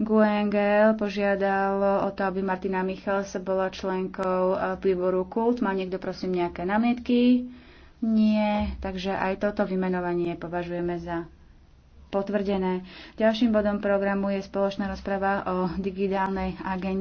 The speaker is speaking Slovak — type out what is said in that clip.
Guengel požiadal o to, aby Martina sa bola členkou eh, výboru Kult. Má niekto prosím nejaké námietky? Nie, takže aj toto vymenovanie považujeme za potvrdené. Ďalším bodom programu je spoločná rozprava o digitálnej agende.